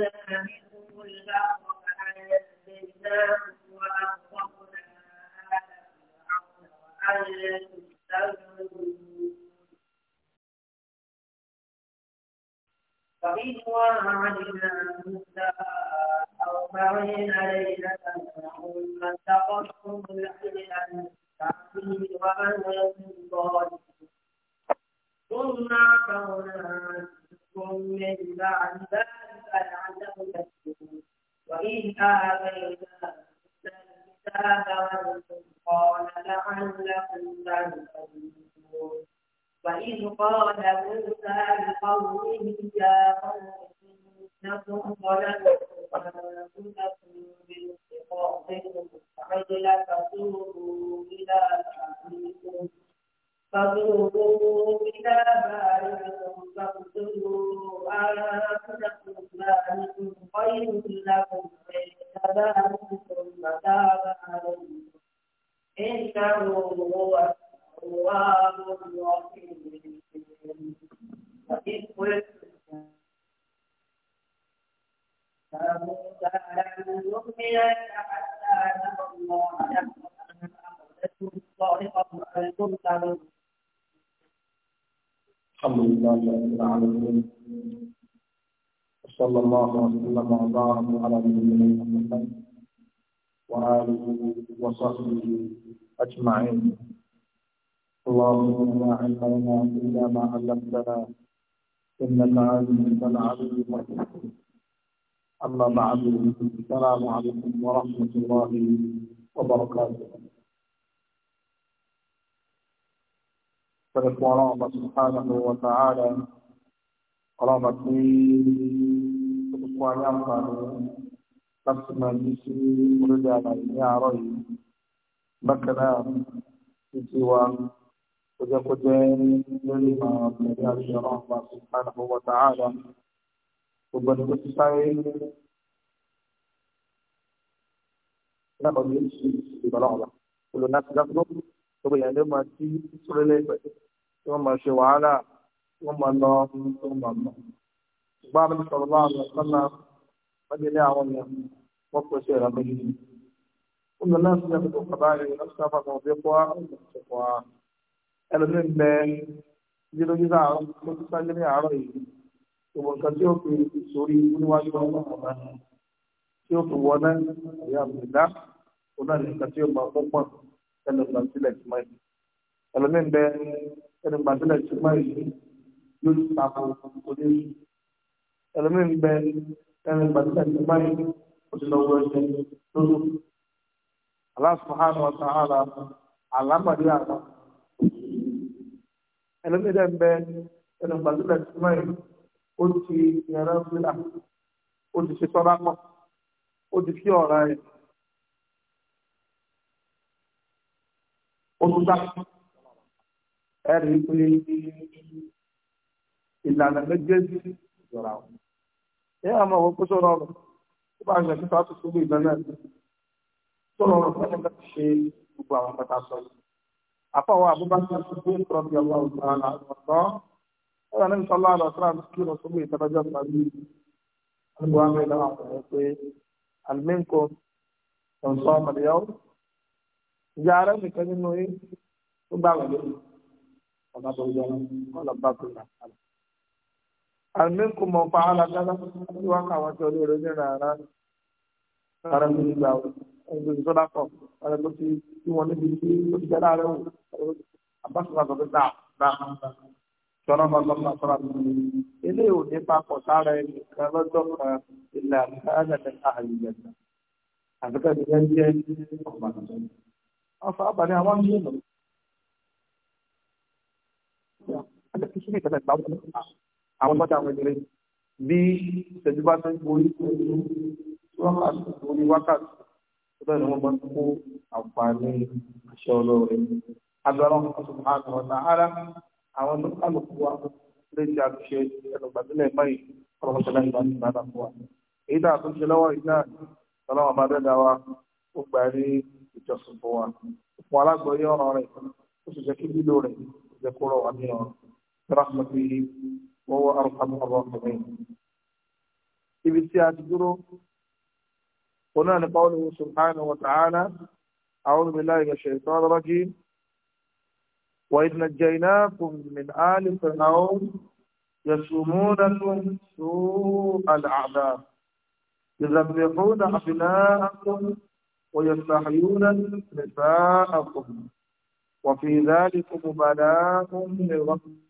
منهم البحر فأنجيناه وأغرقنا آل فرعون وأنتم تنظرون وإذ وعدنا موسى أربعين ليلة ثم اتخذتم العجل من بعده وأنتم ظالمون ثم عفونا عنكم من بعد ذلك فلعلهم يشكرون وإذ آتينا الكتاب والفرقان لعلهم يهتدون وإذ قال موسى لقومه يا قوم إنكم ظلمتم أنفسكم باتخاذكم العجل فتوبوا إلى أبيكم فاضربوا إلى باركم فاقتلوا أنفسكم ذلكم خير لكم عند باركم فتاب عليكم إنه هو الله الرحيم وإذ قلتم يا موسى لن نؤمن العالمين وصلى الله وسلم وبارك على نبينا محمد وآله وصحبه أجمعين اللهم لا علم لنا إلا ما علمتنا إنك أنت العليم الحكيم أما بعد السلام عليكم ورحمة الله وبركاته فالإخوان الله سبحانه وتعالى ọlọ́ba pé kókó ayé àǹfààní láti máa yí sí orílẹ̀ àlàyé ní àárọ̀ yìí bákan náà títí wa kó jẹ́ kó jẹ́ lórí ìmọ̀ àbẹ̀rẹ̀ àti ọlọ́ba subhanahu wa ta'ala gbogbo ẹni tó ti sáré náà ọdún yìí sí ìbọ̀lọ́ ọ̀la olùdásílẹ̀ gbogbo ìyàlẹ́ máa ti sórílẹ̀ ìgbẹ́ tí wọ́n máa ṣe wàhálà wọ́n máa lọ tó máa lọ. ṣùgbọ́n àbí sọ̀rọ̀ bá àwọn ọ̀sán náà wọ́n ti ní àwọn èèyàn wọ́n pèsè ṣe ìrànlọ́ yìí. ó lọ náà sílẹ̀ gbogbo kàbá rẹ̀ lọ́sọ̀ àpapọ̀ òfin kọ́ ọ̀sọ̀kọ̀ ẹlòmíín bẹ nínú yíká àárọ̀ mo ti sáré ní àárọ̀ yìí gbogbo nǹkan tí ó fi sórí níwájú ọlọ́run tí ó fi wọná ìyá àbùdá òun náà nìkan tí ó máa fún pọ̀ ẹlòmíín bẹ ẹlòmíín bẹ ẹlòmíín bẹ ẹlòmíín bẹ lórí papọ̀ kò lè rí ẹlòmíì ń bẹ ẹni gbàdúrà ní báyìí ó ti lọ wọ ẹsẹ̀ lóṣù Allah subhanahu wa ta'ala àlámàdé àwọn ẹlòmíì dẹ̀ ń bẹ ẹni gbàdúrà ní báyìí ó ti yẹra fúlà ó ti ṣe tọ́lá pọ̀ ó ti fi ọ̀rá ẹ̀ ó tún dá ẹ̀rí pé ìlànà méjèèjì ìjọra wọn. ẹ àmọ́ àwọn kó sọ̀rọ̀ ọ̀rọ̀ tó bá ń ṣe kíkọ àtúntò gbé ìgbà náà sọ̀rọ̀ ọ̀rọ̀ fún ẹnìkan ti ṣe gbogbo àwọn kọta sọ yìí. àfọwọ́ àbúbáṣe ti gbé ìtọ́jú ọlọ́ ọ̀gbọ̀n àtọ̀ ẹ̀rọ ní sọlá àlọ́ sọ́ra ti kí lọ sógbó ìtọ́jú ọ̀gbọ̀n àtọ̀ tó yẹ ọ̀nà tó yà á àmínkù mọ̀ pa alágbádá tí wọ́n kà wọ́n ti olóore ní ràrá ara mi ní gbà ọ̀gbìn sọ́dá kọ̀ ara ló ti tí wọ́n níbi tí ó ti jẹ́rà rẹ̀ wò àbáṣọ́lá tó fi dà dà sọ́dá bá lọ́mọ sọ́dá mi ní ilé òní papọ̀ sára ẹni kan lọ́jọ́ kan ilẹ̀ àgbẹ̀ àhàlìyẹ̀ àbíkẹ́ ti yẹn jẹ́ ọ̀gbà tó ọ̀fọ̀ àbàlẹ̀ àwọn ń yé lọ àwọn bọ́tà àwọn ìdílé bí ìṣẹ́jú bá tún borí wákàtí borí wákàtí tó bẹ́ẹ̀ ni wọ́n bá kó àǹfààní àṣẹ ọlọ́run agbára wọn kọ́ sọ̀rọ̀ àná ọ̀nà ara àwọn tó kálukú wa lè ṣe àtúnṣe ẹnugbàdúlẹ̀ báyìí ọlọ́mọṣẹ́lá ìgbà ní ìbàdàn fún wa èyí tá a tún ṣe lọ́wọ́ yìí náà ọlọ́wọ́n bá dẹ́dá wa ó gbà ní ìjọsìn fún wa fún alágbọ̀ọ́yé ọ̀rọ̀ rẹ̀ ó sì jẹ́ kí lílo rẹ̀ jẹ́ kó rọ̀ wá ní ọ̀rọ̀ وهو أرحم الراحمين في بسيات الدرو هنا لقوله سبحانه وتعالى أعوذ بالله من الشيطان الرجيم وإذ نجيناكم من آل فرعون يسومونكم سوء الأعذار يذبحون أبناءكم ويستحيون نساءكم وفي ذلك بلاء من ربكم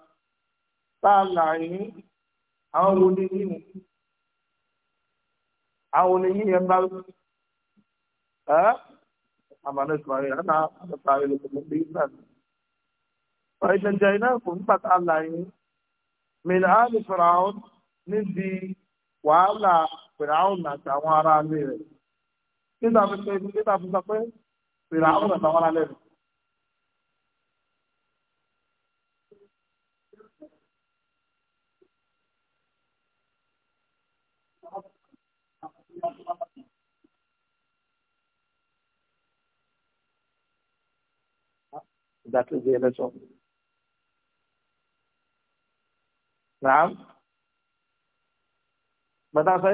tá a là yín àwọn wo ni yín àwọn ni yín yẹn bá ẹ àmàlà ìsìláyé àná àtàtà ìlòkùnrin bí náà ọ̀ẹ́dẹ̀ jẹ́ iná kò ń pàtà là yín mìíràn á lè fara ọ́n níbi wàhálà fìràhùn àtàwọn ará ilé rẹ̀ nígbà tó ṣe nígbà tó sọ pé fìràhùn àtàwọn ará ilé That is ìdàkejì ẹlẹ́sọ̀. Now, but sọ pé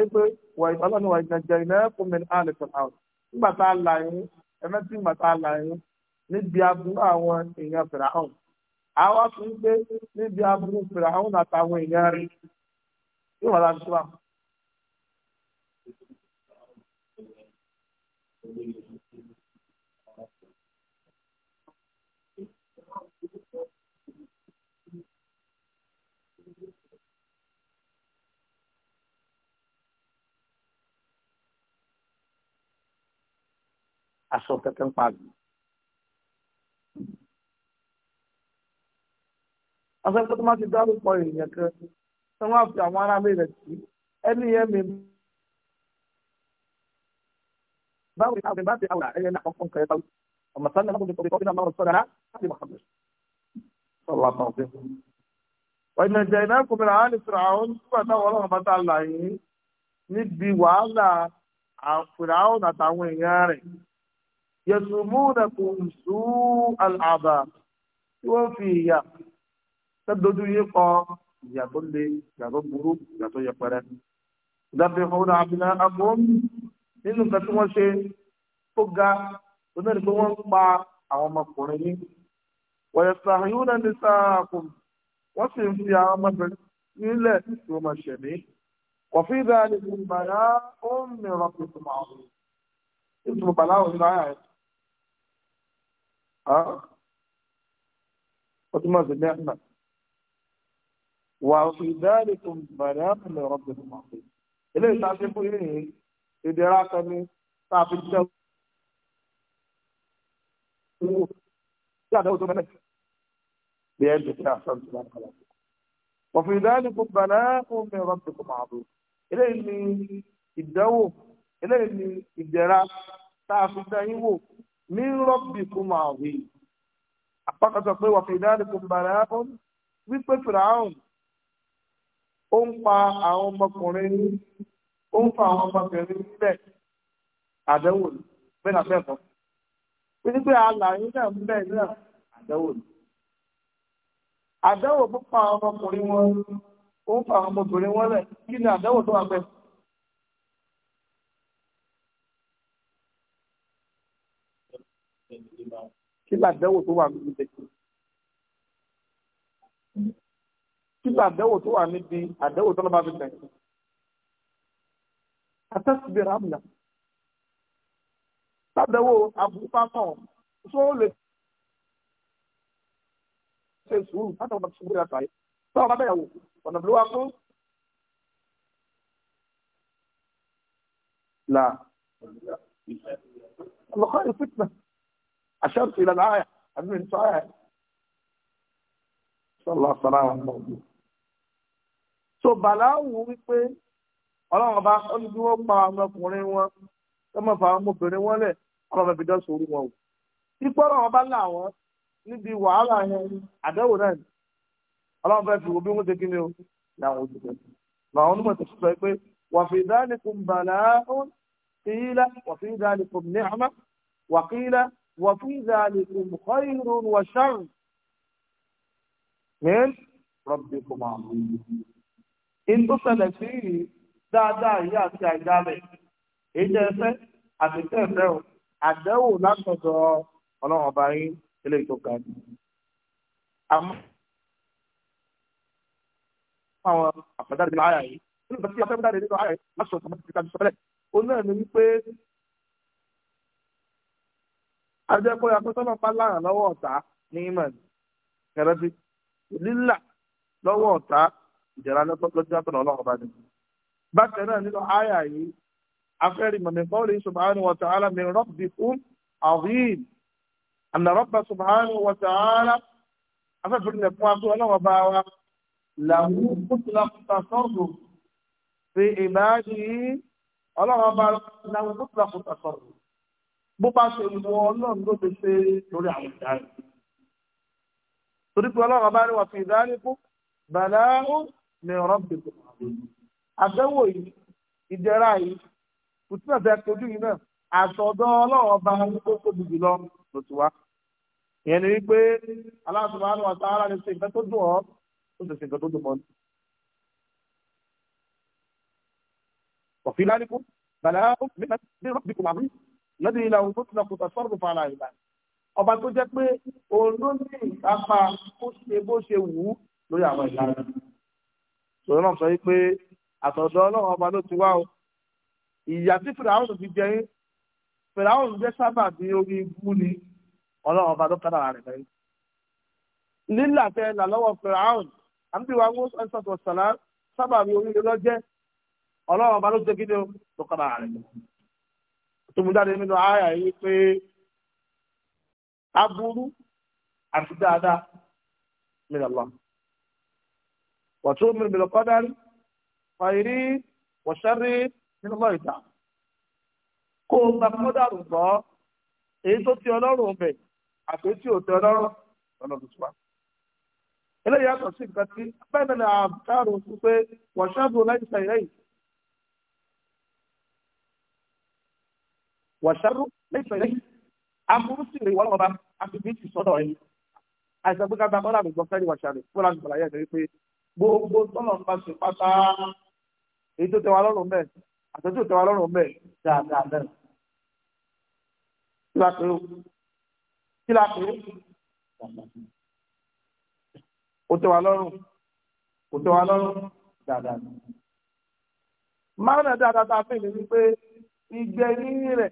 wà ìfọlọ́ ni no one, iná fún mi àlè fìlàwọ̀. Nígbà tá a là yín, ẹ̀mẹ́ tí nígbà tá a là yín níbi aburú àwọn èèyàn fìlàwọ̀. Àwa fi ń gbé níbi aburú fìlàwọ̀ àtàwọn èèyàn rẹ̀. Yóò wà láti sọ́wọ́. Thank you. aṣọ kankan pa àgbò. aṣọ pé tó máa ti dárúkọ èèyàn kan tí wọ́n á fi àwọn aráàlú rẹ̀ sí ẹni yẹn mi. báwo ni àwọn ìbáṣe àwòrán ẹ̀yẹ náà kọ́kọ́ nǹkan ẹ̀ báwo ọmọ sanni alákòóso kọ́kọ́ kọ́kọ́ náà máa sọ̀rọ̀ rárá láti máa kọ́kọ́ sọ̀rọ̀ àtàwọn ọ̀gbìn. ọ̀nà ìjà iná kùnmìnà àwọn ìṣòro àwọn nígbà táwọn ọlọ́run bá ta là yín níbi wàhálà àfìràwọn àtàwọn yẹsùmúnàkùn sú àlàbà tí wọ́n fi ìyà tẹ́dojú yé kọ ìyà tó le ìyà tó burú ìyà tó yẹpẹrẹ. ìdábẹ̀ ọ̀hún àbílẹ̀ àbọ̀n nínú nǹkan tí wọ́n ṣe tó ga tó náà ní pé wọ́n ń pa àwọn ọmọkùnrin yìí. wọ́n yẹ sàáyún náà ní sáàkùn wọ́n sì ń fi àwọn ọmọbìnrin nílẹ̀ tí wọ́n máa ṣẹ̀mí. kọ̀fí ìdáyà ni mo bàyá ó ń mìíràn pẹ̀lú àwọn ìtumọ̀ bàlá òun láyà ẹ̀ Ah. ó túmọ̀ sí mẹ́fà wà fi dáàlì tó bàrẹ̀ àpẹẹlẹ ọ̀rọ̀bẹ̀ fún wa pé eléyìí tá a fi fún yín yìí ìdẹ̀ra kan ní tá a fi jẹ́ owó tí àdáwò tó mẹ́lẹ̀ bí ẹ̀ ń tẹ̀sí àṣàrò tó bá ń kalà wà fi dáàlì tó bàrẹ̀ àpẹẹlẹ ọ̀rọ̀bẹ̀ fún wa pé eléyìí ni ìdánwò eléyìí ni ìdẹ̀ra tá a fi dá yín wò ní rọ́bì kó máa wí. àpákàtọ̀ pé wà fìdá ní kò bàrà áhùn wípé fìràhùn ó ń pa àwọn ọmọkùnrin ó ń fa àwọn ọmọkùnrin níbẹ̀ àdánwò bẹ́ẹ̀ náà bẹ́ẹ̀ kọ́. pípé àlàyé náà ń bẹ̀ náà àdánwò ni. àdánwò ọmọkùnrin wọn ó ń fa àwọn ọmọbìnrin wọn lẹ̀ kí ni àdánwò tó wà bẹ́ẹ̀. kí làdẹ́wò tó wà níbi tẹ̀sí kí làdẹ́wò tó wà níbi àdẹ́wò tó lọ́ba fi tẹ̀sí àtẹ́sìbìrì àmìlà làdẹ́wò àbúrúkọ akọ̀ tó lè ṣe sùúrù láti ọ̀nà tó gbéra sàyè tó ọ̀nà bẹ́ẹ̀ wò ọ̀nà bí wà kú. لا الخير فتنه أشرت إلى الآية من صحيح sọlá sọlá wọn mọ ọdún. so bàláwù wípé ọlọ́run bá ọdún wọn pa àwọn ọmọkùnrin wọn tọmọ fà àwọn ọmọbìnrin wọn lẹ̀ ọlọ́run ẹbí dọ́sùn orí wọn o. ipò ọlọ́run bá là wọn níbi wàhálà yẹn àdẹ́wò náà ni ọlọ́run fẹ́ fi wo bí wọ́n ṣe kíni o làwọn ojú bẹ̀. làwọn onímọ̀ ti sọ pé wàfi ìdánilẹ́kùn bàláwù kíílà wàfi ìdánilẹ́kùn ní àmà wàkíílà وفي ذلكم خير وشر من ربكم عظيم ان تصل فيه dáadáa yìí àti àìdáàbẹ̀ èyí jẹ́ ẹsẹ́ àti tẹ́ ẹ̀fẹ́ o àdẹ́wò látọ̀dọ̀ ọlọ́run ọba yín ilé ìtọ́ka ni. àmọ́ àwọn àpàdáde nínú àyà yìí nínú ìgbà tí a fẹ́ dáre nínú àyà yìí lásìkò tó ti ká sọ fẹ́lẹ̀ ó náà ní wípé ajẹ́kọ̀ọ́ yàtọ̀ sọ́nà pálánà lọ́wọ́ ọ̀tá ní imán kẹrẹ́bí lílà lọ́wọ́ ọ̀tá ìjẹ̀rà lọ́jọ́ àtọ̀nà ọlọ́run bá ní. bákan náà nínú àyà yìí afẹ́rì mọ̀mí kọ́ọ̀lì subhanahu wa ta'ala min rabbikum azim anna rabba subhanahu wa ta'ala afẹ́fẹ́rì nìkan wá fún ọlọ́run bá wa làwọn kùtùlà kùtà sọ́ọ̀dù fi ìbáàdì ọlọ́run bá làwọn kùtùlà sọ́ọ̀dù bó bá ṣe wọ ọlọ́run ló ti ṣe lórí àwọn ìdá rẹ̀. torí pé ọlọ́run bá rí wà fi ìdá rẹ̀ kú bàlá ó ní ọ̀rọ̀ bìbò àbẹ̀wò yìí ìdẹ̀ra yìí kùtù náà fẹ́ kojú yìí náà àtọ̀dọ̀ ọlọ́run ọba wípé tóbi jù lọ ló ti wá. ìyẹn ni wípé aláàtúmọ̀ àwọn ọ̀tá ara rẹ̀ ṣe nǹkan tó dùn ọ́ ó sì ṣe nǹkan tó dùn mọ́ ni. ọ̀fìn lálẹ́ kú bàlá ó ní ọ̀rọ̀ bìbò àbúrò lọ́dún ilà òun tó ti lọ́kùn tó sọ́rọ̀ fún ara ìgbà ọba tó jẹ́ pé òun ló ní ìkápá ó ṣe bó ṣe wù ú lórí àwọn ìlà rẹ̀ sọ̀rọ̀ náà sọ yìí pé àtọ̀dọ̀ ọlọ́run ọba ló ti wá o ìyà tí fìràwọ̀n fi jẹ yín fìràwọ̀n jẹ́ sábà bí orí ibú ni ọlọ́run ọba ló kára rẹ̀ lẹ́yìn lílà tẹ là lọ́wọ́ fìràwọ̀n àbí wọ́n sábà bí orí ilé ọlọ́run ọba ló tó mú jáde nínú ààyà yìí pé aburú àti dáadáa min Allah wa tu'minu bil qadari khayri wa sharri min Allah ta'ala kó o gba kọ́dàrú gbọ́ èyí tó ti ọlọ́run bẹ̀ àti tí ò tẹ ọlọ́run lọ́nà tuntun eléyìí yàtọ̀ sí nǹkan tí bẹ́ẹ̀ ni fún pé wọ́n ṣáàbù láì sàyẹ́yìn wàṣàrú lẹ́sìn ẹ̀lẹ́yìn aburú sì rè wọ́n ọba àfibí ti sọ́dọ̀ ẹ̀ àìsàn gbígbà bá bọ́lá mi gbọ́ fẹ́ẹ́ ní wàṣàrú fúlà mi bàlàyé ẹ̀ pé gbogbo tọ́lọ̀ ń bá ṣe pátá èyí tó tẹwa lọ́rùn bẹ́ẹ̀ àtọ́jú tẹwa lọ́rùn bẹ́ẹ̀ dáadáa bẹ́ẹ̀. kí la pè ó kí la pè ó ó tẹwa lọ́rùn ó tẹwa lọ́rùn dáadáa. máa ń rẹ̀ dáadáa tá a fẹ́ ìlú wípé ìgbẹ́ yín rẹ̀.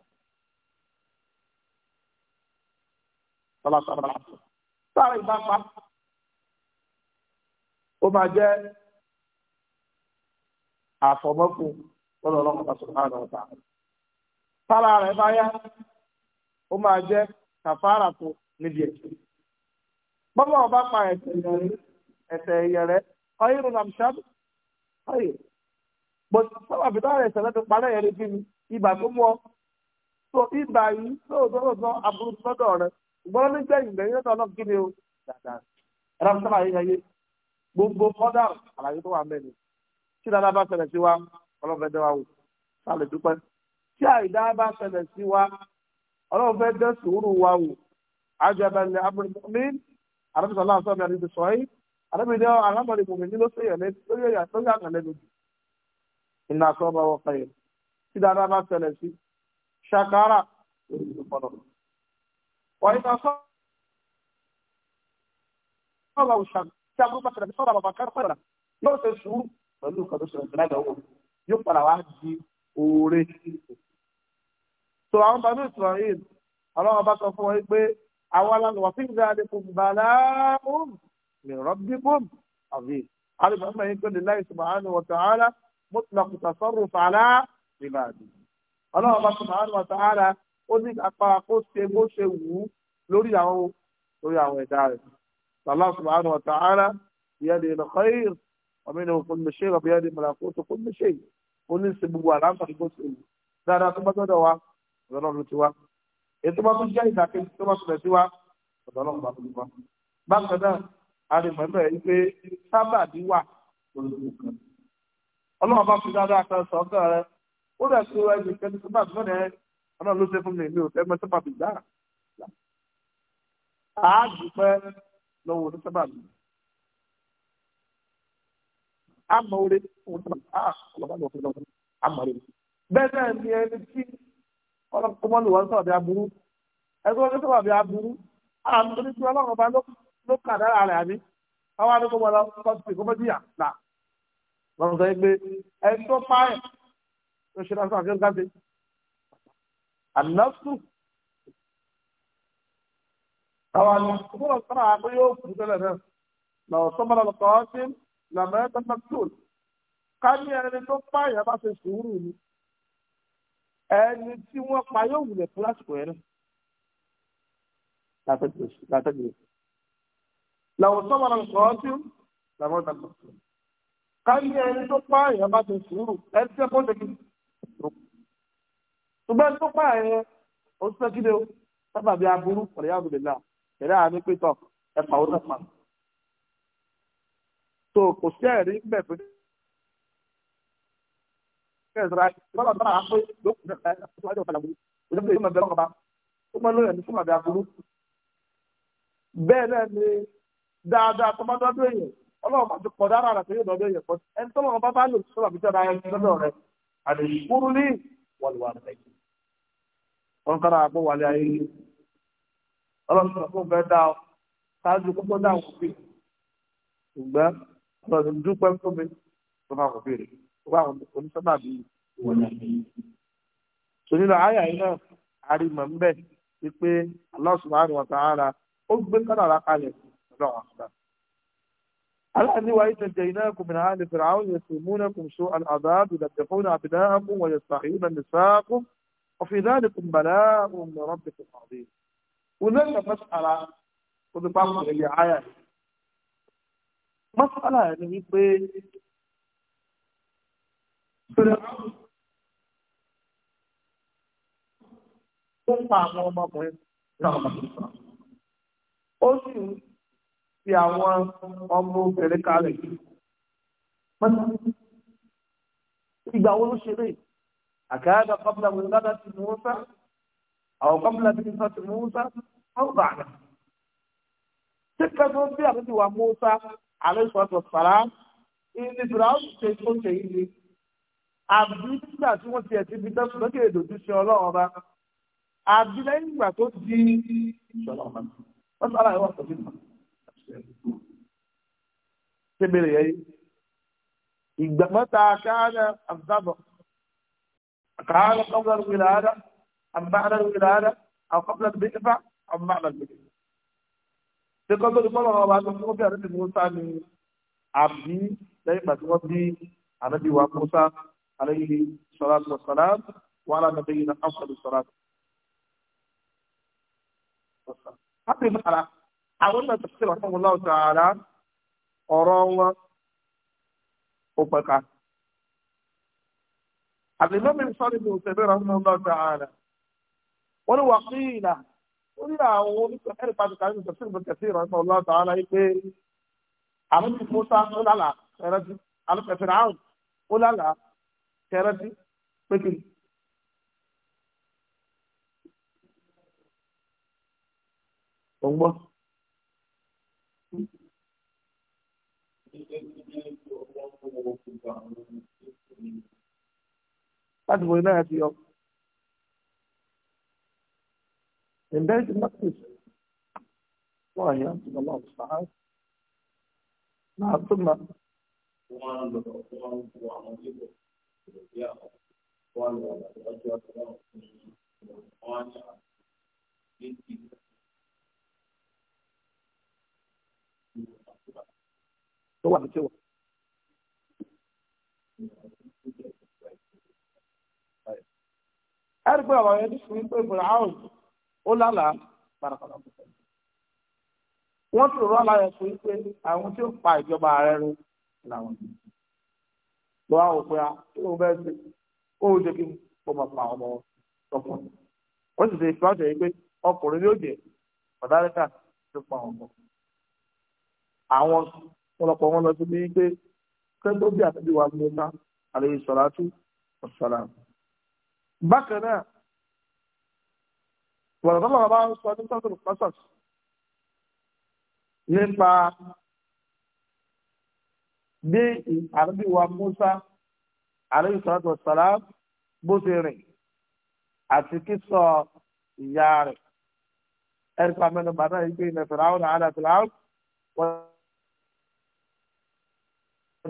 tọ́ba sábà láti sáré ìbápa ó máa jẹ́ àfọ̀mọ́fún lọ́dọ̀ ọlọ́run bá sọ̀rọ̀ àwọn ọ̀tá sára rẹ̀ bá yá ó máa jẹ́ kàfàrà fún níbi ẹ̀sìn bọ́bá ọba pa ẹ̀sẹ̀ ìyẹrẹ ẹ̀sẹ̀ ìyẹrẹ ọyẹ́ ìrùn àmṣáàbù ọyẹ́ bọ́sí sábà fi dáhùn ẹ̀sẹ̀ lẹ́nu parẹ́ ẹ̀rí kí ni ibà tó mú ọ tó ibà yìí lóòótọ́ lóòótọ́ aburú lọ́dọ̀ rẹ̀ gbọ́dọ̀ ní gbẹ̀yìn gbẹ̀yìn lọ́tọ̀ ọlọ́run kí ni o dáadáa ẹ̀rọ fún sábà yẹn yẹn gbogbo kọ́dà àlàyé tó wà mẹ́rin tí dáadáa bá ṣẹlẹ̀ sí wa ọlọ́run fẹ́ dẹ́ wa wò sá lè dúpẹ́ tí àìdá bá ṣẹlẹ̀ sí wa ọlọ́run fẹ́ dẹ́ sùúrù wa wò àjọbẹ̀lẹ̀ abúlé arábìsọ̀lá àṣọ mi àdìsí sọ yìí arábìsọ̀ alámọ̀lẹ̀ mọ̀mí ní ló ṣe yẹ̀ lórí ẹ̀yà lórí àkànlẹ̀ lójú ìnà àṣọ ọba wọ ṣàkárà lórí ìfọdọ̀ وإذا صار الشمس sáàmù bá ṣẹlẹ̀ sọ́dọ̀ bàbá kan pẹ̀lá yóò ṣe sùúrù pẹ̀lú nǹkan tó ṣẹlẹ̀ sílẹ̀ lọ́wọ́ yóò padà wá di oore. tó àwọn bàbá Israel àwọn ọba sọ fún wọn pé àwọn aláwọ̀ fi ń dáadé fún bàálà òun lè rọ́bí bòm àbí àlùbọ̀ ọmọ yìí pẹ̀lú láì subhanahu wa ta'ala mutlaq tasarruf ala ìbàdí. ọlọ́wọ́ bá subhanahu wa ta'ala ó ní apá kó ṣe bó ṣe wù ú lórí àwọn lórí àwọn ẹ̀dá rẹ̀ Allah subhanahu wa ta'ala biyadi al-khair wa minhu kullu shay wa biyadi malakutu kulli shay ó ní ṣe gbogbo àlàǹfà tó ṣe wù dáadáa tó bá tọ́jọ́ wa ọ̀dọ́lọ́run ti wá ètò bá tún jẹ́ ìdàkejì tó bá ṣẹlẹ̀ sí wa ọ̀dọ́lọ́run bá tún wá bákan náà a lè mọ̀ bẹ́ẹ̀ wípé sábàbí wà lórí nǹkan ọlọ́run bá fi dáadáa kan sọ̀ọ́kàn rẹ ó dẹ̀ tó ẹnì kẹ́ni tó bá tún náà ọlọ́run ló ṣe fún mi mi ò fẹ́ mọ sábàbí gbà á dúpẹ́ lọ́wọ́ ní sábàbí á mọ orí fún sábàbí á ọlọ́ba lọ fún lọ́wọ́ á mọ orí bẹ́ẹ̀ náà ni ẹni tí ọlọ́run kọ́ mọ́lù wọn sábàbí aburú ẹgbẹ́ wọn sábàbí aburú àwọn tó ní tí ọlọ́run ọba ló kà dára rẹ̀ àbí àwọn àdúgbò wọn lọ kọ́ sí ìkọ́mọ́díyà là wọn sọ pé ẹni tó pààyàn ló ṣe lásán àfihàn gáàsì ànáfù àwọn àlùfáà sọ́nà àpé yóò kú tẹ́lẹ̀ náà lọ́wọ́ sọ́mọ́lá lọ́kọ́ ọ́sìn làmọ́ ẹ̀ tẹ́lẹ̀ tó ká ní ẹni tó pààyàn bá ṣe sùúrù ni ẹni tí wọ́n pa yóò wulẹ̀ fún lásìkò yẹn náà látẹ́gbẹ̀ẹ́ làwọn sọ́mọ́lá lọ́kọ́ ọ́sìn làmọ́ ẹ̀ tẹ́lẹ̀ tó ká ní ẹni tó pààyàn bá ṣe sùúrù ẹni tí wọ́n ṣùgbọ́n tó pa ẹ̀yẹ oṣù tẹ́kídé o sábà bí aburú pẹ̀lú yàgò lè là tẹ̀lé àmì pétọ̀ ẹ̀pà ó tẹ̀pà. tó kò sí ẹ̀rí ń bẹ̀ pé kẹsìrà ìfọwọ́ bá a pé lókùn náà ẹ̀ ẹ̀ ṣíwájú ọ̀pá làbúrú òjò pé ìmọ̀ bẹ́ẹ̀ lọ́kọ̀ bá ó máa lóyún ẹ̀mí fún àbí aburú. bẹ́ẹ̀ náà ni dáadáa tó bá dọ́dọ̀ èèyàn ọlọ́run bá ti pọ̀ dára rẹ̀ pé yóò dọ́dọ̀ èèyàn pọ̀ ẹni tó lọ́wọ́ bá bá lò sọ́dọ̀ àbíjọ́ wọn kára àpò wà ní ayé yìí ọlọ́run sọ fún bẹ́ẹ̀ dá ọ ṣáájú kókó dá òun fi ṣùgbọ́n ọlọ́run dúpẹ́ fún mi tó máa kò béèrè tó bá àwọn oníṣọ́nà bí ìwọ̀n náà bí. sòní lọ àyà yìí náà àrìmọ̀ ń bẹ̀ sí pé Allah subhanahu wa ta'ala ó gbé kádàrá kalẹ̀ lọ́dọ̀ àwọn àgbà. الذي وإنجيناكم من آل فرعون يسومونكم سوء العذاب يذبحون أبناءكم ويستحيون نساءكم وفي ذلك بلاء من ربكم عظيم هناك مسألة وتفهم هي آية مسألة يعني فرعون ó ń pa àwọn ọmọkùnrin náà ọmọkùnrin ó sì ń fi àwọn ọmọ obìnrin kalẹ̀. ìgbà wo ló ṣe léyìí? أكاد قبل ولادة موسى أو قبل بعثة موسى أو بعده تلك توفي التي موسى عليه الصلاة والسلام إن فرعون سيكون شهيدي àbí nígbà tí wọ́n ti ẹ̀sìn bíi tẹ́sán lókè èdòdú ṣe ọlọ́run ọba àbí lẹ́yìn ìgbà tó di ìṣọ̀lá ọba wọ́n sọ aláìwọ̀ sọ fún mi. yẹn ìgbà mọ́ta káàdà àbúzábọ̀ قال قبل الولادة أم بعد الولادة أو قبل البعثة أم بعد البعثة تقول لك والله ما تقول في أرض موسى عبدي دائما تودي على دي وموسى عليه الصلاة والسلام وعلى نبينا أفضل الصلاة والسلام هذه المسألة حاولنا تفسير رحمه الله تعالى أرى وفقه àlèmọ́ mi sọ́ọ́ nínú òṣèlú rẹ̀ ọ̀hún lọ́dọ̀ ààrẹ wọ́n ní wàkìlà ó ní àwọn oníṣẹ́ ẹ̀rí pàtó kan nínú tẹ̀síìrì bùkẹ́sì rẹ̀ ọ̀hún lọ́dọ̀ ààrẹ yìí pé àwọn ti mọ́tà ó lálà kẹrẹ́tì alùpẹ̀fẹ̀rẹ̀ àrùn ó lálà kẹrẹ́tì pékin. Thank you láti wòye náà ti yọ. Embedded in practice, wọ́n àyè àti ọmọ ọ̀sán á. Máa tó ma. Wọ́n á lọ wọ́n á wọ àwọn ilé ìròyìn àwọn wọ́n á lọ wọ́n á lọ ọjọ́ àti wọ́n á ní àwọn méjì. Tó wà ní tí wọ́n. ẹ̀rí pé ọ̀rọ̀ yẹn ti fún pé fìràhùn ó lálàá pàrọ̀pàrọ̀ wọ́n sọ̀rọ̀ aláyọ̀ fún pé àwọn tí ó pa ìjọba ààrẹ rú làwọn yìí lọ àwọn òpin a tí wọ́n bẹ́ẹ̀ ṣe ó ń ṣe kí wọ́n máa pa ọmọ ọkùnrin wọ́n sì ṣe ìfúráṣẹ́ yìí pé ọkùnrin yóò jẹ́ ọ̀dáríkà ló pa ọmọ àwọn ọlọ́pàá wọn lọ sí ní pé kẹ́ńtọ́ bí àtẹ́bí wa mú ká àlè ìṣọ̀lá tú ọ̀ṣọ̀lá bákan náà wọ̀rọ̀dọ́lọ̀ bá ń sọ ní sọ́tún pásọ̀s nípa bí àrùbí wa Musa alayhi salatu wassalam bó ti rìn àti kíkọ ìyá rẹ̀ ẹ̀rí pa mẹ́nu bàtà yìí pé ilẹ̀ fìlà ọ̀nà àdà fìlà ọ̀nà wọ́n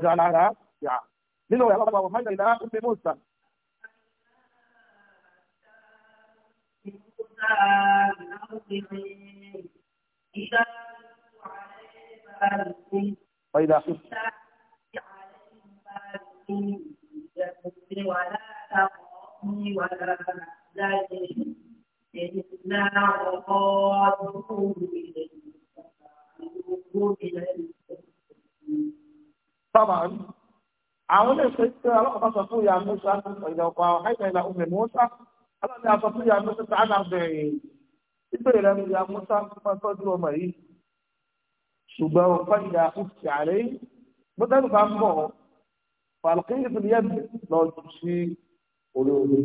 jẹ́ alára yà nínú ìyá bàbá wọn hàn ní ìlà ọ̀nà Musa. وإذا خفت ولا تقربني ولا تحزني إنا رادوه إليك طبعا àwọn ilé ìfẹ́ tí ọlọ́pàá sọ fún ìyá mọ́sá ìjọba ọ̀hún ẹ̀ka ìlà alábi aṣọ tó yà mọ́tò tá a nà bẹ̀rẹ̀ ìgbé rẹ̀ ni ìyá mọ́tò máa tọ́jú ọmọ yìí ṣùgbọ́n ọ̀pọ̀ ìyá òkè àlẹ́ mọ́tò ẹni bá ń bọ̀ fàlùkì ìfìlì yẹn lọ jù sí olóore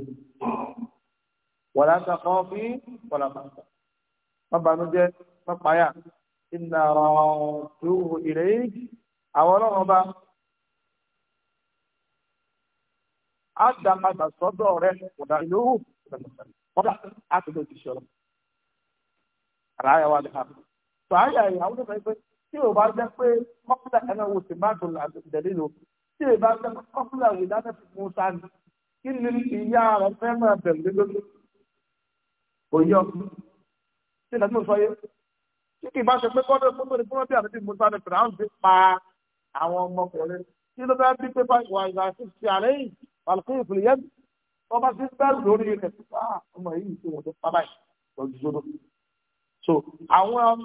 wàlá ta kọ́ bí wàlá bá ta má banújẹ́ má payà ọ̀tún ìrẹ́ àwọn ọlọ́run ọba á dá sọ́dọ̀ rẹ̀ kò dá ìlú ọ̀dà àtúntò ti ṣọlọ àráyà wà ní àbúrò tó àyà yìí àwọn ọ̀dọ́ pé tí o bá jẹ́ pé mọ́kúlà ẹ̀ náà wò sí má tó dẹ̀lé lò tí o bá jẹ́ mọ́kúlà wò dáná fi mú sáni kí ni ìyá rẹ̀ fẹ́ máa bẹ̀rù lé lórí òyọ tí ìdájọ́ sọ yé tí kì í bá ṣe pé kọ́dọ̀ tó wọ́n bá ti ń bẹ̀rù lórí rẹ̀ ah, ọmọ yìí tí wọ́n ti pa báyìí lọ́jọ́ gbogbo. so àwọn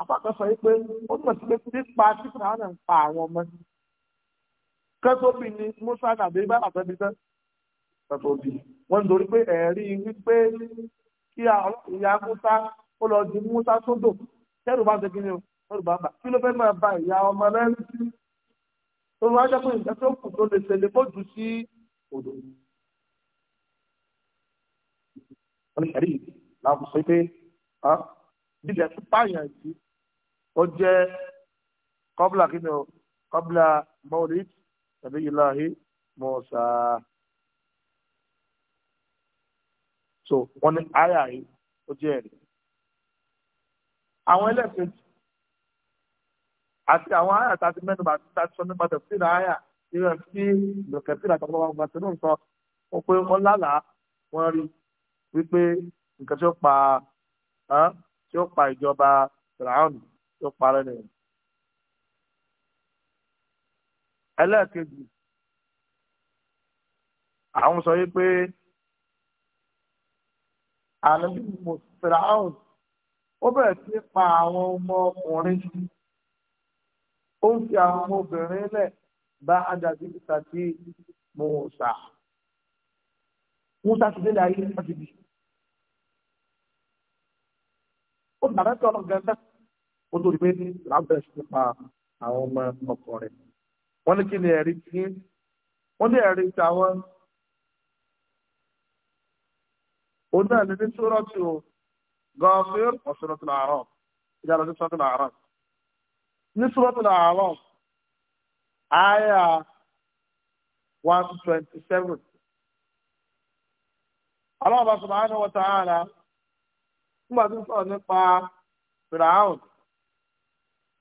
apákan um, sọ pé ó mọ̀ sí pé nípa tí fúnra náà ń pa àwọn ọmọ kẹ́tọ́bì ni musa nàbí bá àtẹ́bí tán kẹ́tọ́bì wọ́n ń dorí pé ẹ̀rí wípé kí ìyá musa ó lọ di musa sódò kẹ́rù bá ṣe kí ni o kẹ́rù bá bà kí ló fẹ́ máa ba ìyá ọmọ lẹ́yìn sí. tó wájú pé ìjẹ́ tó kù tó lè ṣẹlẹ̀ kó jù sí òdòdó. wọn ní ẹ̀rí làwọn sọ pé dídẹ̀ tó pààyàn yìí ó jẹ́ kọ́bùlà kí ni o kọ́bùlà mọ́lid tàbí ìlàhí mọ́ọ̀sá. so wọn ní àyà yìí ó jẹ́ ẹ̀rí. àwọn ẹlẹ́sìn àti àwọn àyà tá a ti mẹ́nu bá ti sọ nípa tẹ̀sí ní àyà ìrìn àti ìlọ̀kẹ́sí àtàwọn ọmọ ọgbà tó ń sọ wọn pé wọn lálàá wọn rí i wípé nǹkan tí ó pa tí ó pa ìjọba fìràhàn tí ó parẹ́ nìyẹn. ẹlẹ́ẹ̀kejì àwọn sọ wípé àlọ́ fìràhàn ó bẹ̀rẹ̀ sí pa àwọn ọmọ ọkùnrin ó ń fi àwọn ọmọbìnrin lẹ̀ bá adàbí ìtàkì mọ̀ọ́sà. Musa ti délé ayé láti bì ó dàrá sí ọlọ́run gan náà ó tó di pé lábẹ́ nípa àwọn ọmọ ọkọ rẹ̀ wọ́n ní kí ni ẹ̀rí tí wọ́n ní ẹ̀rí tí àwọn òun náà ní ní sórọ́tì o gọ́ọ̀fìr ọ̀sọ̀rọ̀tì làárọ̀ ìjà lọ sí sọ́tì làárọ̀ ní sórọ́tì làárọ̀ àyà one twenty seven. Allah subhanahu wa ta'ala. nígbà tó ń sọ̀rọ̀ nípa firaun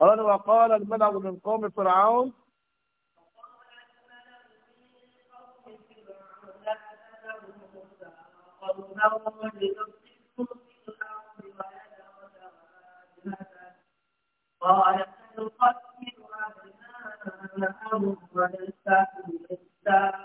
ọlọ́ni wa qala al-mala'u min qawmi firaun. قال سنقتل أبناءهم ونستحيي نساءهم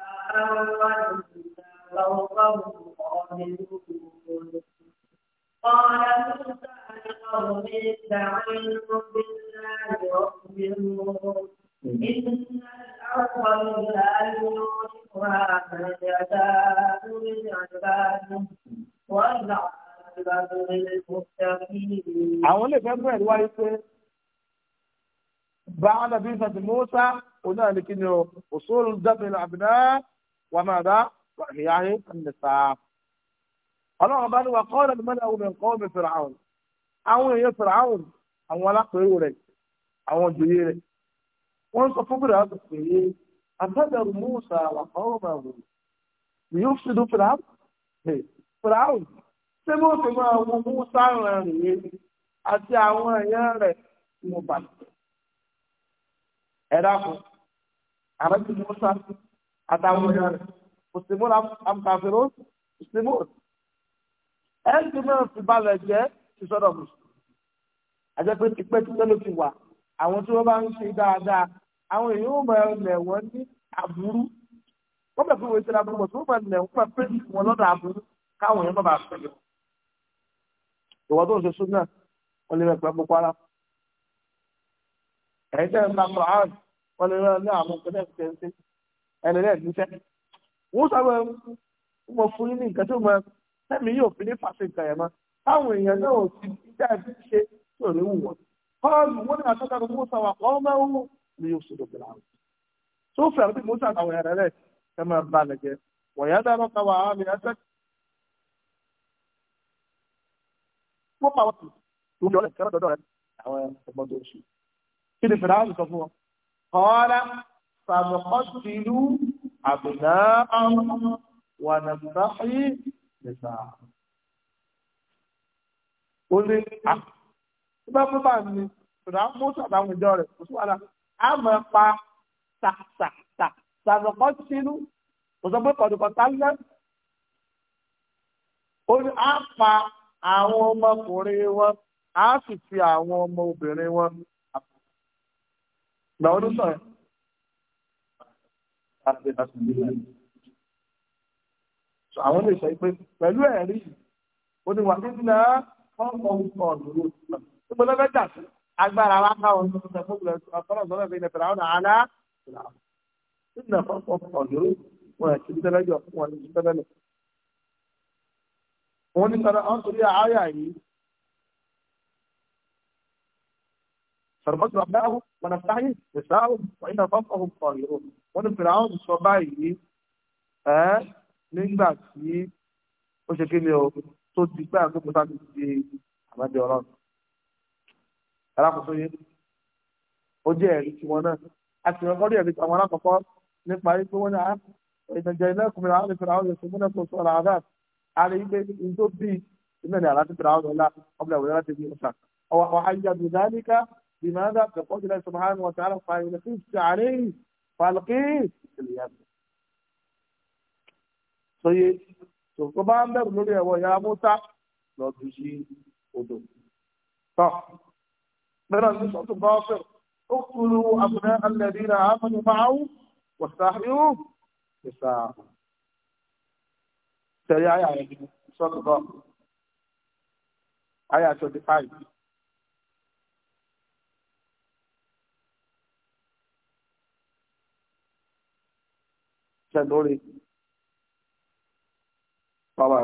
wáyé pé báàdà bí sàtì mọ́sá oní àlekí ni o òṣòro wà máa dá wà hìyáhì ẹnìta. ọlọ́run bá ní wà kọ́ ọ́nà mẹ́ta omi nǹkan omi fìràhùn àwọn èèyàn fìràhùn àwọn alápèrò rẹ̀ àwọn òjòyè rẹ̀ wọ́n sọ fún fìràhùn pé àbẹ́dẹ̀rù mọ́sá wà kọ́ ọ́nà òun yóò fi dùn fìràhùn fìràhùn ṣé mọ́sá máa wọ mọ́sá rẹ̀ rèé àti àwọn èèyàn rẹ̀ mo bà ẹ dákun àrẹ́bí musa àtàwọn èèyàn rẹ̀ mùsùlùmí àmkàfẹ́rọ́ mùsùlùmí ẹ ti máa fi balẹ̀ jẹ́ ìsọdọ̀ mùsùlùmí àjẹpẹ́ tipẹ́ tipẹ́ ló ti wà àwọn tí wọ́n bá ń ṣe dáadáa àwọn èèyàn ò máa lẹ̀ wọ́n ní àbúrú wọ́n bẹ̀ fún wẹ́sẹ̀ àbúrú wọ́n máa lẹ̀ wọ́n máa pèsè wọn lọ́dọ̀ àbúrú káwọn èèyàn bá bá pẹ̀lú ìwọ́n tó ń ṣe sún náà wọ́n lè rẹ̀ pẹ̀lú kwara. ẹ̀yin tẹ́ ẹ̀ ń ta kọ̀ áàrùn wọ́n lè rẹ̀ ní àwọn kẹ́tẹ́ kẹ́tẹ́ ẹni rẹ̀ níṣẹ́. wọ́n sábà ń mọ fún yín ní nǹkan tó mọ ẹ̀mí yóò fi ní fàṣẹ nǹkan yẹn mọ́ táwọn èèyàn náà ò ti dá ẹbí ṣe tí ò ní wù wọ́n. kọ́ọ̀lù wọ́n ní àtọ́ka ní musa wà kọ́ ọmọ òun ni yóò ṣòro bìlà àwọn. tó fẹ́ràn bí musa àtàwọn ẹ̀rẹ́ rẹ̀ ẹ máa bá a lẹ̀jẹ̀ wọ̀nyá dáná káwa àmì ẹ̀sẹ̀. wọ́n pa wọ́n tù tó ń yọlẹ̀ kẹ́rọ̀ dọ́dọ̀ rẹ̀ àwọn ẹ̀gbọ́n tó ń ṣe. kí ni fìlà áwùjọ fún wọn. kọ́lá sàmùkọ́sìlú àbùdá wà nàbùdáhì nìta. ó lé a. tó bá fún báà ní fìlà mọ́tò àbáwọn ìjọ rẹ̀ kò sí wàhálà á máa pa tàtàtà sàmùkọ́sìlú kò sọ pé kọ̀dùkọ̀ tálẹ́ ó ní á pa àwọn ọmọkùnrin wọn á sì fi àwọn ọmọ obìnrin wọn gbà ọdún sọ ẹ. àwọn lè sọ pé pẹ̀lú ẹ̀rí ó ní wà nínú náà wọ́n mọ orúkọ ọ̀dùnrún nígbà lọ́fẹ́ jà sí agbára wa káwọn ọdún tó fún ilẹ̀ ọ̀sán ọ̀sán ọ̀sán ilẹ̀ fẹ̀rẹ̀ àwọn àlá nínú ọ̀pọ̀ ọ̀dùnrún wọn ti bí tẹ́lẹ̀ jọ wọn ti bí tẹ́lẹ̀ lọ. òun ní sọ فرمزوا أبناءه ونفتحي نساءه وإن فوقهم طاهرون وإن فرعون صباعي نجمع في وشكين يو صد جسماء كم مساعدة في عمد يولان ألاق سوية وجه لكيوانا أكيوانا قرية لكيوانا قفار نفع يكيوانا وإن جايناكم من عالي فرعون يسمونا صوت العذاب عليه إيه؟ بين إن صد بي إنني على فرعون ولا قبل ولا تبيه أو وحيا بذلك لماذا؟ لقول الله سبحانه وتعالى فنقص عليه فالقيه في اليد. طيب شوف طبعا بنقول يا موسى لا تجي ودو. صح. من المشعة الباصر اقتلوا ابناء الذين امنوا معه واستحيوا نساءهم. سريع يا عيال. شوف الباطل. عيال شوف الباطل. ṣe lórí bàbá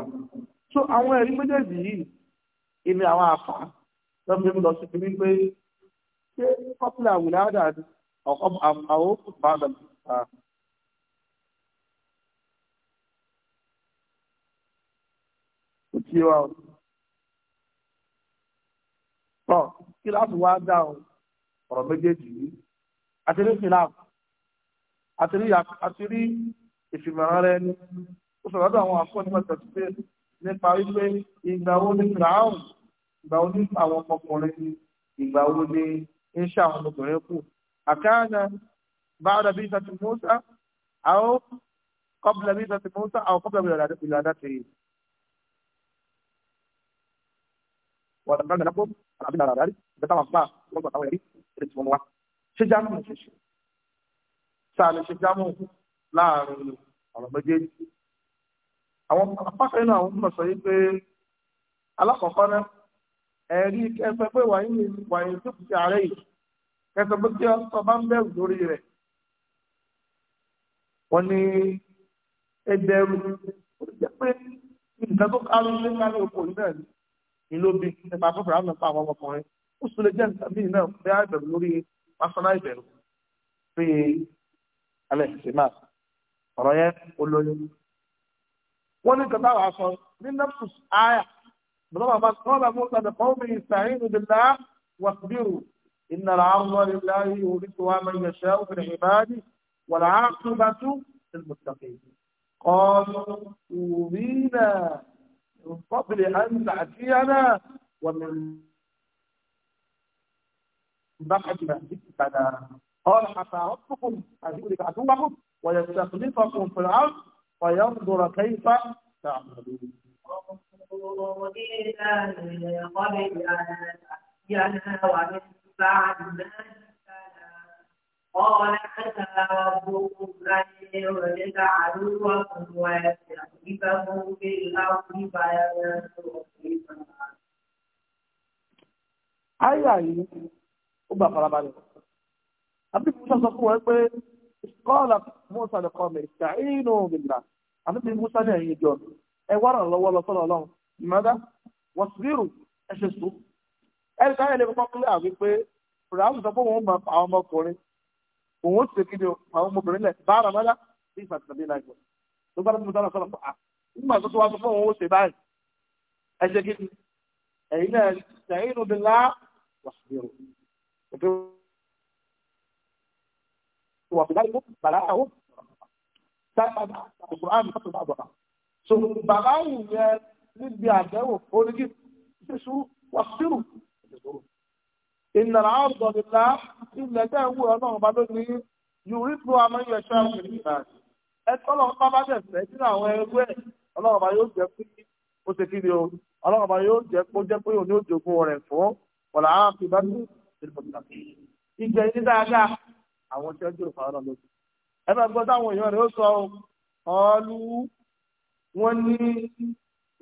so àwọn ẹ̀rí méjèèjì yìí ìní àwọn àfà lọ́pọ̀ mi lọ sí ibi pé ṣé kọ́pìlà wìládà ọ̀kọ́ àwọn bàbá tí wa o. Tọ́ kí láti wá dá ọ̀rọ̀ méjèèjì yìí. Àti ní Fìlàpù, àti rí ìfìmọ̀ràn rẹ ni ó sọ̀rọ̀ lọ́dọ̀ àwọn àkọ́ nípa tẹ̀sí pé nípa wípé ìgbà wo ni fìràhùn ìgbà wo ni àwọn ọmọkùnrin ìgbà wo ni ń ṣe àwọn ọmọkùnrin kù àkáàna bára bíi tàti mọ́sá àwọn kọ́bìlà bíi tàti mọ́sá àwọn kọ́bìlà bíi ìlànà tèyí. wọ́n tàbí láti dáná kó àbí nàrà rárí ìgbà táwọn àgbà wọ́n gbà táwọn ẹ̀rí ẹ̀rí tí wọ́n wá ṣé jáàmù ní ṣe ṣe sáàlẹ̀ ṣe jámù láàrin ọ̀rọ̀ méjèèjì àwọn apákan nínú àwọn ọmọ sọ yìí pé alákọ̀ọ́kọ́ náà ẹ̀rí kẹsàn pé wàyí ni wàyí tó fi ààrẹ yìí kẹsàn pé kí ọsọ bá ń bẹ̀rù lórí rẹ̀ wọ́n ní ẹgbẹ̀rún ó jẹ́ pé nǹkan tó kárú ní kárú oko yìí náà ni ló bí nípa fún fúlàní pa àwọn ọmọkùnrin ó sì lè jẹ́ nǹkan bíi náà bí àìbẹ̀rù lórí pásánà ìbẹ̀rù bíi على الاحتمال رأيت قول له لي وانا انت بقى عشر من نفسه آية بضرب بس قال موسى لقوم يستعينوا بالله واخبروا ان العرض لله يورثها من يشاء من عباده والعاقبة للمتقين قالوا أوذينا من قبل أن تأتينا ومن بعد ما جئتنا قال حتى ربكم يهلك عدوكم ويستخلفكم في الارض فينظر كيف تعملون قال عسى ربكم أن يولد عدوكم ويستخلفه في الأرض فينظر كيف تعملون. أي أي أبقى àbí musa sọ fún wọn pé kọ́ọ̀lá musa lè kọ́ mi ṣàìnù bìlà àbí bí musa ní ẹ̀yìn ìjọ ẹ wá ràn lọ́wọ́ lọ sọ́dọ̀ ọlọ́run ìmọ̀dá wọ́n sì rírù ẹ ṣe sùn ẹni káyọ̀ lè kọ́kọ́ kílẹ̀ àbí pé ràhùn sọ fún òun mọ àwọn ọmọkùnrin òun ó ti kí ni àwọn ọmọbìnrin lẹ̀ bára mọ́lá bí ìfà tàbí náà jọ ló bá tó sọ̀rọ̀ sọ̀rọ̀ à nígbà tó wá sọ fún òun ó ṣe báyìí ẹ kí ni ẹ̀yin náà ṣàìnù bìlà wọ́n sì rírù وبذلك بلاءه تبع القرآن يفصل بعض بعض so بلاءه níbi àdẹ́wò oríkì ṣe sùúrù wàṣírù ìnàrà ọ̀dọ̀ nílá ilẹ̀ tẹ́ ń wù ọ́ náà bá lónìí yorì tó amáyọ̀ ẹ̀ṣọ́ àwọn ènìyàn ẹ tọ́lọ̀ bá bá bẹ̀ fẹ́ sínú àwọn ẹgbẹ́ ẹ̀ ọlọ́run bá yóò jẹ́ pé ó ṣe kí ni o ọlọ́run bá yóò jẹ́ pé ó jẹ́ pé òní òjòkun rẹ̀ fún ọ̀là ààfin bá ní ìdìbò ìgbà ìjẹ́ ní dáadáa àwọn tí wọ́n jẹ́ òfà ọ̀rọ̀ lójú. ẹ bá gbọ́ táwọn èèyàn rẹ̀ ó sọ ọ́ọ́lù wọn ní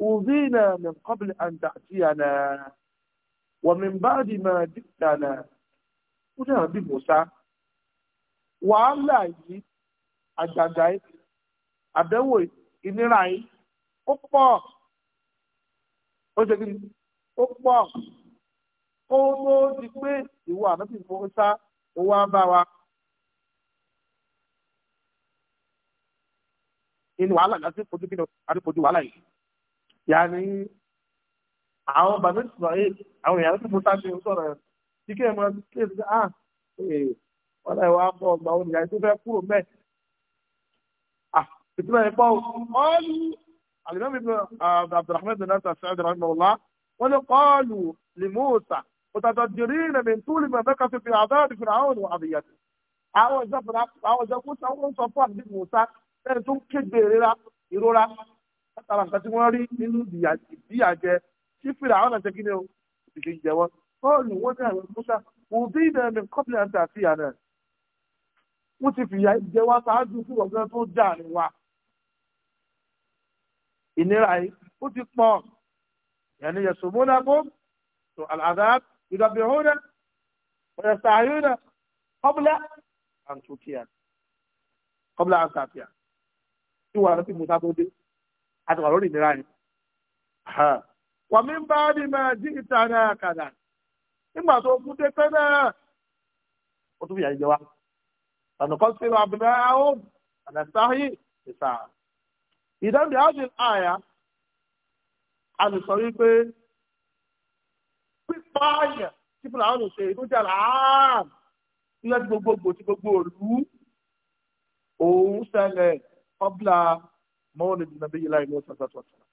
ùzínà min qabli an ta'tiyana wa min ba'di ma ji'tana ó dàrú bí mùsá wàhálà yìí àgbàgbà yìí àbẹ̀wò ìnira yìí ó pọ̀ ó ṣe kí ó pọ̀ kó tó di pé ìwọ àbẹ̀bí mùsá ó wá bá wa. inú wàhálà láti fojú kí ni àti fojú wàhálà yìí yàní àwọn bàbá ìsìnkú ayé àwọn èèyàn tó fún sáfì ń sọ̀rọ̀ tí kí ẹ mọ kí ẹ sọ ah eh, wọn náà wàá bọ ọgbà òun ìyàwó tó fẹ́ kúrò mẹ ah ìtura ẹ pọ ọlù alimami ah, abdulrahman bin nasir sa'id rahimahullah wọn ni kọọlù limusa وتتجرين من طول ما بكت في عذاب فرعون وعذيته àwọn ìjọ fúnra àwọn ìjọ kúta wọn sọ fún àbí musa ẹni tó ń kéde ìrora ìrora látara nǹkan tí wọ́n rí nínú ìdíyàjẹ tí fìlà àwọn àti kíni o ìdíje jẹ wọn bọ́ọ̀lù wọn ní àwọn mọ́sá òun bí ìdá ẹ̀mí kọ́pìlì àti àfihàn náà wọ́n ti fìyà jẹ wá sáájú fún ọ̀gá tó dà ní wa ìnira yìí ó ti pọ̀ yẹn yẹ sòmúnà kó tó àlàdà ìdàbíhó náà ọ̀yẹ̀ sàáyó náà kọ́bùlà àǹtòkìyà kọ́bùlà àǹtàkìyà. tí wàá rántí musa tó dé àti wàá lórí ìnira wà mí bá ní máa jí ìta náà kàdà nígbà tó kú dé pẹ́ náà ó tún fi àyè jẹ wá. ọ̀nà kan sí abúlé ahom ọ̀nà sáyé ìta. ìdánwò àjẹ àyà a lè sọ wípé pípa àyà tí fúlàwọn ò ṣe ìdójà làám ilé gbogbogbò tí gbogbo قبل مولد النبي الله عليه الصلاة والسلام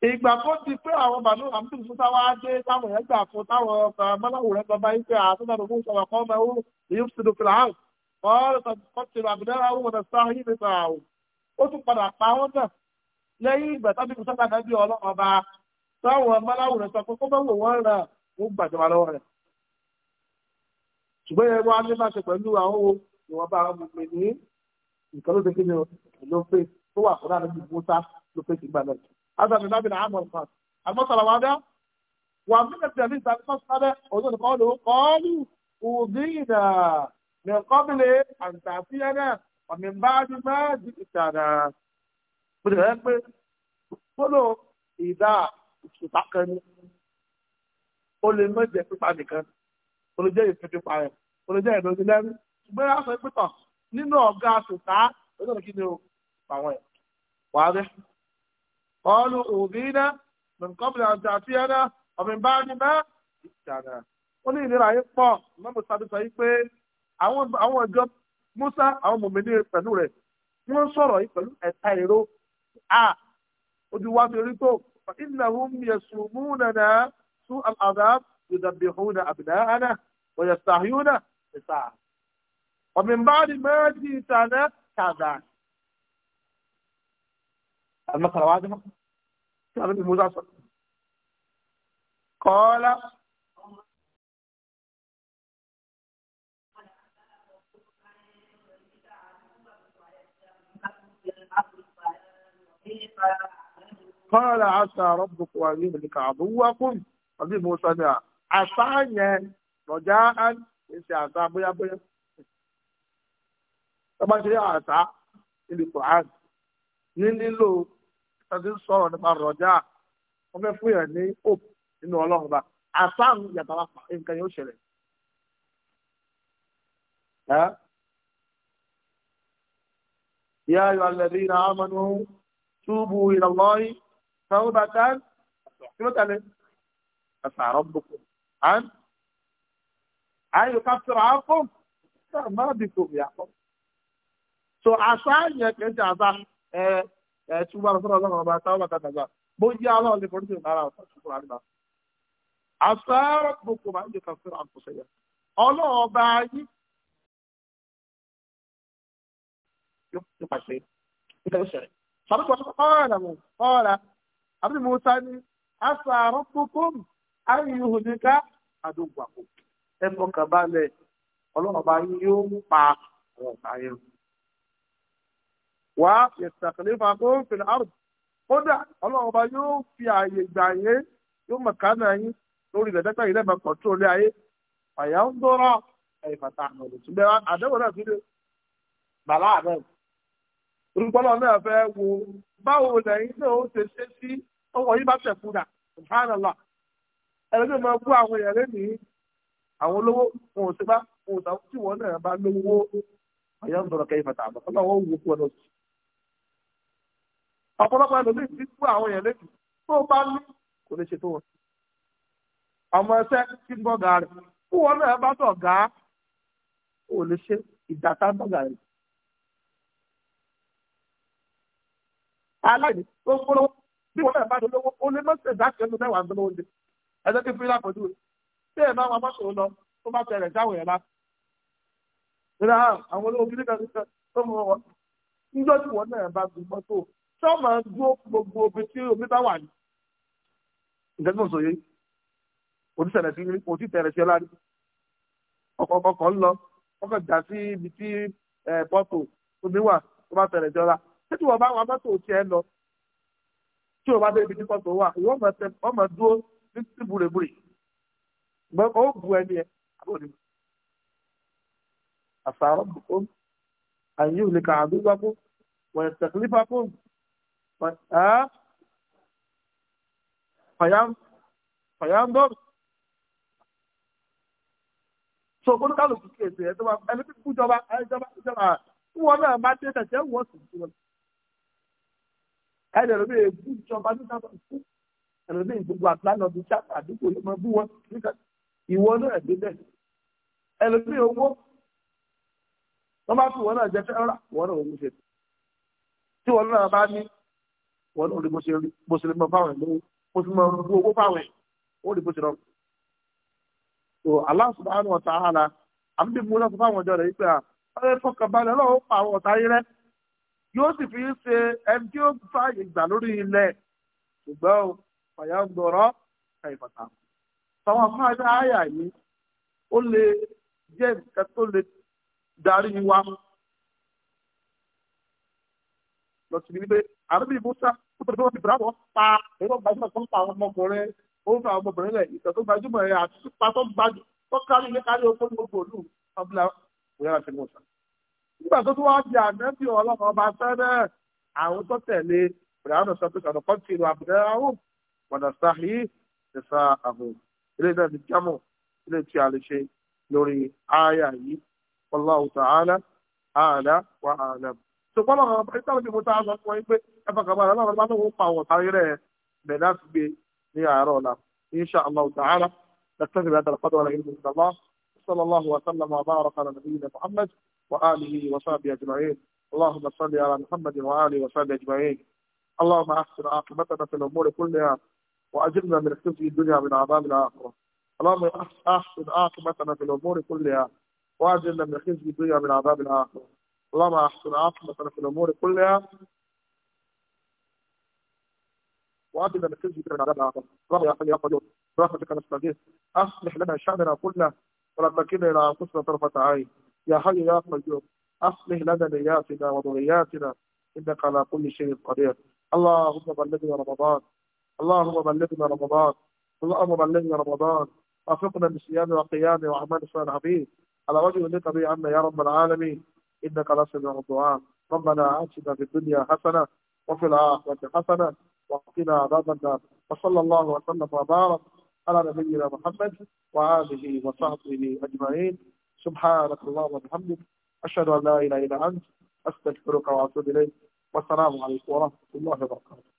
ìgbà tó ti pé àwọn bàánú àmúdùn tó táwọn adé táwọn èèyàn gbà fún táwọn mọ́láwù rẹ̀ gbọ́n báyìí pé àtúntà tó fún sọ̀rọ̀ kọ́mọ ẹ̀hún èyí ti dùn fìlà áwù ọ̀rọ̀ tó kọ́ ti rà bìnrin àwọn ọmọdé sáà yìí nípa àwù ó tún padà pa wọ́n náà lẹ́yìn ìgbà tábí kò sábà dábí ọlọ́ọ̀ba táwọn mọ́láwù rẹ̀ sọ pé kó bẹ́ẹ̀ wò wọ́n rà ó gbàjọba lọ́wọ́ rẹ̀ ṣùgbọ́n ìwọ̀n bá àwọn gbogbo ní nǹkan ló ṣe kí ni o ló pè tó wà fúnra níbi musa ló pè sígbà náà azami nabi na amọ̀ nǹkan àmọ́ sọ̀rọ̀ wa dá wà mílẹ̀ tẹ̀lé ìsàlẹ̀ kọ́ sábẹ́ òun ní kọ́ ló kọ́ọ́lù òdìnnà ní kọ́bìlẹ̀ àǹtàfíà náà ọ̀mì bá ní má di ìtàdà bùdó ẹ pé gbọ́dọ̀ ìdá ìṣùpá kan ní o lè mọ̀ jẹ́ pípa nìkan o lè jẹ́ ìfẹ́ pípa rẹ̀ o lè jẹ́ ìdọ́sílẹ́rú ṣùgbọ́n a sọ pé tọ̀ nínú ọ̀gá tòta lọ́dọ̀ kí ni o àwọn ẹ̀ wà á bẹ́. qalu udhina min qabli an ta'tiyana wa min ba'di ma ji'tana. ó ní ìlera yìí pọ̀ mọ́mú sábẹ́ sọ yìí pé àwọn ìjọ Musa àwọn mòmìnir pẹ̀lú rẹ̀ wọ́n sọ̀rọ̀ yìí pẹ̀lú ẹ̀ta èrò a ojú wa ti rí tó innahum yasumuna su'al adab ومن بعد ما جئتنا كذا المقرة واضحة كان المزعصر قال قال عسى ربك أن يهلك عدوكم أبي موسى عسى رجاء إن شاء بيا بيا tọ́ba ṣe àṣà níbi Quran ní nílò tàbí sọ̀rọ̀ nípa rọ̀jà wọ́n fẹ́ fún yẹn ní hope nínú ọlọ́run bá àṣà ń yàtọ̀ wá nǹkan yóò ṣẹlẹ̀. يا أيها الذين آمنوا توبوا إلى الله توبة نصوح عسى ربكم أن أن يكفر عنكم ما بكم يا قوم so àṣà yẹn kì í ṣe àṣà ẹ ẹ túbọ̀ lọ́sọ̀rọ̀ ọlọ́run ọba táwọn bàtà dàgbà bóyá ọlọ́run lè forí sí ìlara ọ̀sán tó kúrò àdìbà. àṣà ndị máa ń yẹ kàn fún àkùsẹ̀ yẹn ọlọ́run ọba yìí yóò pàṣẹ ìtẹ̀wé ṣẹlẹ̀. ọba wà yastakhlifakum fil ard kódà ọlọ́run bá yóò fi ààyè gbà yín yóò mọ̀ kánà yín lórí ilẹ̀ dẹ́gbẹ́ ilẹ̀ mọ̀kàn tó lé ayé àyà ń dọ́rọ̀ ẹ̀yìn fàtà àmọ̀ lòtún bẹ́ẹ̀ àdéhùn náà fi dé bàlá àná rúgbọ́lọ́ náà fẹ́ wo báwo lẹ́yìn náà ó ṣe ṣe sí ọwọ́ yìí bá tẹ̀ fún dà subhanallah ẹlẹ́gbẹ́ máa bú àwọn èèyàn lẹ́nìí àwọn olówó wọn ò ṣe bá wọn ò sàwọn wọn náà bá lówó àyà ń dọ̀rọ̀ kẹ́yìn fàtà àmọ̀ ọlọ́wọ́ wò fún ọ ọ̀pọ̀lọpọ̀ ẹlòmíì ti kú àwọn èèyàn lẹ́kì tó bá ní kò lè ṣètò wọn. ọmọ ẹsẹ kí n bọ́gà rẹ̀ kú wọn náà bá tọ̀ gá ò lè ṣe ìdàtà bọ́gà rẹ̀. aláìní tó ń polówó bí wọn náà bá dolówó ó lè má ṣe ìdákẹ́ ẹnu mẹ́wàá ńdọ́lọ́ oúnjẹ ẹ̀jẹ̀ kí n fi lápọ̀jù rẹ̀ tí ẹ̀ máa wọn mọ́tò lọ tó bá tẹ̀lé sáwọn yẹn bá. ìlànà àwọn olówó kìnnìkan tó mọ̀ wọn níjọ́ tí tó máa dúró gbogbo omi tí omi bá wà ní. ǹkan tó ń òtítẹ̀rẹ̀ sí òtítẹ̀rẹ̀ sí ọlá rí ọkọ̀ ń lọ ọkọ̀ jà sí ibi tí pọ́tò omi wà tó bá tẹ̀rẹ̀ sí ọlá títí wọ́n bá wọn mọ́tò tiẹ̀ lọ tí o bá dé ibi tí pọ́tò wà ìwọ́n máa dúró ní ti búrebúre ó bu ẹni ẹ àbórí àṣà ọ̀bùkún àyè òlìkà àdúgbò wọn ìṣẹ̀kìlífà fóònù. Ah, fàyàndọ́rù so kó ní ká ló fi kí èsì ẹ̀dọ́wà ẹni tí kú jọba ẹjọba ìjọba wọn náà bá dé tẹ̀sẹ̀ wọ́n sì jù wọn ẹni ẹ̀rọ̀bí ègbú jọba ní sábà kú ẹ̀rọ̀bí gbogbo àtúlánà ọdún tí àdúgbò ló máa bú wọn níta ìwọ náà ẹ̀gbẹ́ bẹ́ẹ̀ ẹ̀rọ̀bí owó wọ́n bá fi wọn náà jẹ́ fẹ́ràn wọn náà owó ṣe wọn náà rí bó ṣe rí bó ṣe lè mọ fáwọn ìlú bó ṣe mọ bú owó fáwọn ẹ̀ ó rí bó ṣe rọrùn. so Allah subhanahu wa ta'ala àmì mú lọ́sọ̀ fáwọn ọjọ́ rẹ̀ yìí pé à ọ̀rẹ́ fọkànbalẹ̀ ọlọ́run pa àwọn ọ̀tá yìí rẹ́ yóò sì fi ṣe ẹni tí ó fààyè gbà lórí ilẹ̀ ṣùgbọ́n fàyà ń gbọ́rọ̀ ká ìfọ̀tà. sọ̀wọ́n fún àyà yìí ó lè jẹ́ nǹkan tó lè darí wa lọ sí ibi pé àbíbí musa pípẹ́tẹ́ wọn ti bìrà wọn pa èyí tó gbajúmọ̀ tó ń pa àwọn ọmọkùnrin ó ń fa àwọn ọmọbìnrin rẹ̀ ìtàn tó gbajúmọ̀ rẹ̀ àti pípa tó gbajú tó kárí ilé kárí oko ní gbogbo òlù ọ̀bùnà òyàrá ti musa. nígbà tó tún wá di ànẹ́bí ọlọ́run ọba fẹ́rẹ́ àwọn tó tẹ̀lé ìrànà sọ pé kàdọ̀ kọ́ńtì ìlú abdulrahman wọ̀nà sáhì ìsà àhùn ilé náà ní jámọ̀ ilé tí a lè yìí ta'ala a'la wa a'lam ṣùgbọ́n àwọn ọmọ ìtàn ìbò tá a sọ fún yín pé ẹ fọkàn bá ọlọ́run bá lóun pa àwọn ọ̀tàrí rẹ̀ bẹ̀ láti gbé ní àárọ̀ ọ̀la insha allah ta'ala dr abdul qadir wa rahim allah sallallahu wa sallam wa baraka ala nabiyyina muhammad wa alihi wa sahbihi ajma'in اللهم صل على محمد وآله وصحبه أجمعين اللهم أحسن عاقبتنا في الأمور كلها وأجرنا من خزي الدنيا من عذاب الآخرة اللهم أحسن عاقبتنا في الأمور كلها وأجرنا من خزي الدنيا من عذاب الآخرة اللهم احسن عاقبتنا في الامور كلها وأبدا من خزي من عذاب العقل رب يا حي يا قدير برحمتك نستغيث أصلح لنا شأننا كله ولا تكلنا إلى أنفسنا طرفة عين يا حي يا قدير أصلح لنا نياتنا وضرياتنا إنك على كل شيء قدير اللهم بلغنا رمضان اللهم بلغنا رمضان اللهم بلغنا رمضان وفقنا بصيام وقيام وأعمال صالح عبيد على وجه ذلك عنا يا رب العالمين إنك لا الدعاء ربنا آتنا في الدنيا حسنة وفي الآخرة حسنة وقنا عذاب النار وصلى الله وسلم وبارك على نبينا محمد وآله وصحبه أجمعين سبحانك اللهم وبحمدك أشهد أن لا إله إلا أنت أستغفرك وأتوب إليك والسلام عليكم ورحمة الله وبركاته